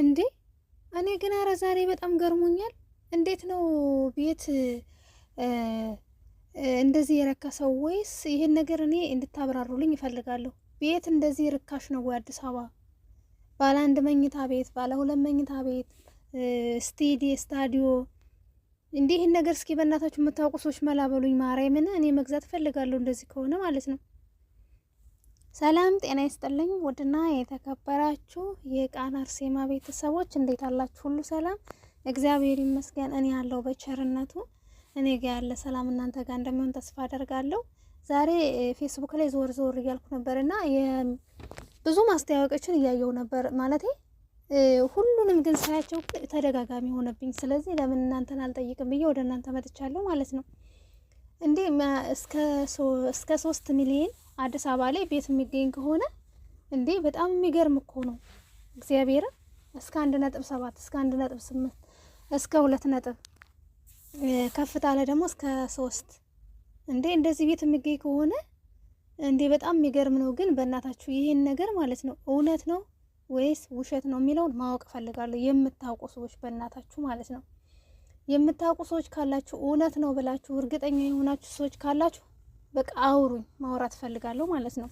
እንዴ እኔ ግን አረ ዛሬ በጣም ገርሞኛል። እንዴት ነው ቤት እንደዚህ የረከሰው? ወይስ ይህን ነገር እኔ እንድታብራሩልኝ ይፈልጋለሁ። ቤት እንደዚህ ርካሽ ነው ወይ አዲስ አበባ? ባለ አንድ መኝታ ቤት፣ ባለ ሁለት መኝታ ቤት፣ ስቴዲ ስታዲዮ እንዲህ ይህን ነገር እስኪ በእናታችሁ የምታውቁ ሰዎች መላበሉኝ ማራይ ማርያምን እኔ መግዛት እፈልጋለሁ እንደዚህ ከሆነ ማለት ነው። ሰላም ጤና ይስጥልኝ። ውድና የተከበራችሁ የቃና አርሴማ ቤተሰቦች እንዴት አላችሁ? ሁሉ ሰላም እግዚአብሔር ይመስገን። እኔ ያለው በቸርነቱ እኔ ጋ ያለ ሰላም እናንተ ጋር እንደሚሆን ተስፋ አደርጋለሁ። ዛሬ ፌስቡክ ላይ ዞር ዞር እያልኩ ነበርና ብዙ ማስታወቂያዎችን እያየው ነበር ማለት ሁሉንም ግን ሳያቸው ተደጋጋሚ ሆነብኝ። ስለዚህ ለምን እናንተን አልጠይቅም ብዬ ወደ እናንተ መጥቻለሁ ማለት ነው። እንዴ እስከ ሶስት ሚሊዮን አዲስ አበባ ላይ ቤት የሚገኝ ከሆነ እንዴ በጣም የሚገርም እኮ ነው። እግዚአብሔር እስከ አንድ ነጥብ ሰባት እስከ አንድ ነጥብ ስምንት እስከ ሁለት ነጥብ ከፍታ ደግሞ እስከ ሶስት እንዴ እንደዚህ ቤት የሚገኝ ከሆነ እንዴ በጣም የሚገርም ነው። ግን በእናታችሁ ይህን ነገር ማለት ነው እውነት ነው ወይስ ውሸት ነው የሚለውን ማወቅ ፈልጋለሁ የምታውቁ ሰዎች በእናታችሁ ማለት ነው የምታውቁ ሰዎች ካላችሁ እውነት ነው ብላችሁ እርግጠኛ የሆናችሁ ሰዎች ካላችሁ በቃ አውሩኝ፣ ማውራት ፈልጋለሁ ማለት ነው።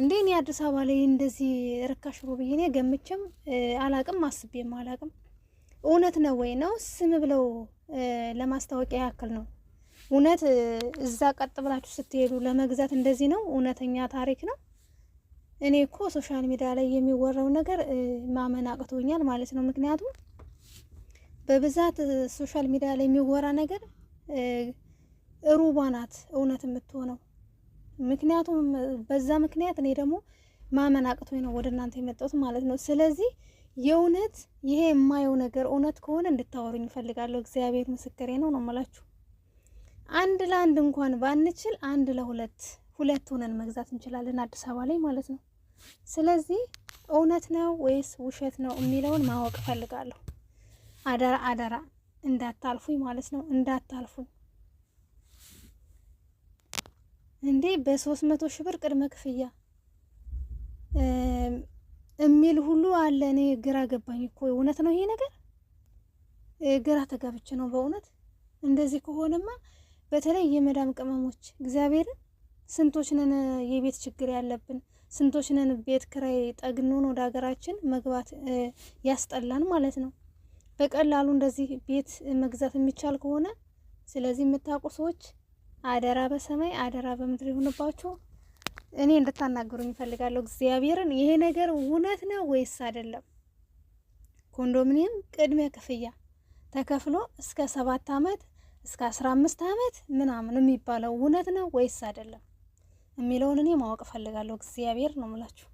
እንዴ እኔ አዲስ አበባ ላይ እንደዚህ ርካሽ ሮ ብዬ እኔ ገምቼም አላቅም አስቤም አላቅም። እውነት ነው ወይ ነው ስም ብለው ለማስታወቂያ ያክል ነው። እውነት እዛ ቀጥ ብላችሁ ስትሄዱ ለመግዛት እንደዚህ ነው? እውነተኛ ታሪክ ነው? እኔ እኮ ሶሻል ሚዲያ ላይ የሚወራው ነገር ማመን አቅቶኛል ማለት ነው። ምክንያቱም በብዛት ሶሻል ሚዲያ ላይ የሚወራ ነገር ሩባ ናት እውነት የምትሆነው። ምክንያቱም በዛ ምክንያት እኔ ደግሞ ማመን አቅቶኝ ነው ወደ እናንተ የመጣሁት ማለት ነው። ስለዚህ የእውነት ይሄ የማየው ነገር እውነት ከሆነ እንድታወሩኝ እፈልጋለሁ። እግዚአብሔር ምስክሬ ነው ነው የምላችሁ። አንድ ለአንድ እንኳን ባንችል አንድ ለሁለት ሁለት ሆነን መግዛት እንችላለን አዲስ አበባ ላይ ማለት ነው። ስለዚህ እውነት ነው ወይስ ውሸት ነው የሚለውን ማወቅ እፈልጋለሁ። አደራ አደራ እንዳታልፉኝ ማለት ነው፣ እንዳታልፉኝ እንዴ በሶስት መቶ ሺህ ብር ቅድመ ክፍያ የሚል ሁሉ አለ። እኔ ግራ ገባኝ እኮ እውነት ነው ይሄ ነገር፣ ግራ ተጋብቼ ነው በእውነት። እንደዚህ ከሆነማ በተለይ የመዳም ቅመሞች እግዚአብሔርን ስንቶች ነን የቤት ችግር ያለብን ስንቶች ነን ቤት ክራይ ጠግኖን ወደ ሀገራችን መግባት ያስጠላን ማለት ነው። በቀላሉ እንደዚህ ቤት መግዛት የሚቻል ከሆነ ስለዚህ የምታውቁ ሰዎች አደራ በሰማይ አደራ በምድር ይሁንባችሁ። እኔ እንድታናግሩኝ እፈልጋለሁ እግዚአብሔርን። ይሄ ነገር እውነት ነው ወይስ አይደለም? ኮንዶሚኒየም ቅድሚያ ክፍያ ተከፍሎ እስከ ሰባት አመት እስከ አስራ አምስት አመት ምናምን የሚባለው እውነት ነው ወይስ አይደለም የሚለውን እኔ ማወቅ እፈልጋለሁ። እግዚአብሔር ነው የምላችሁ።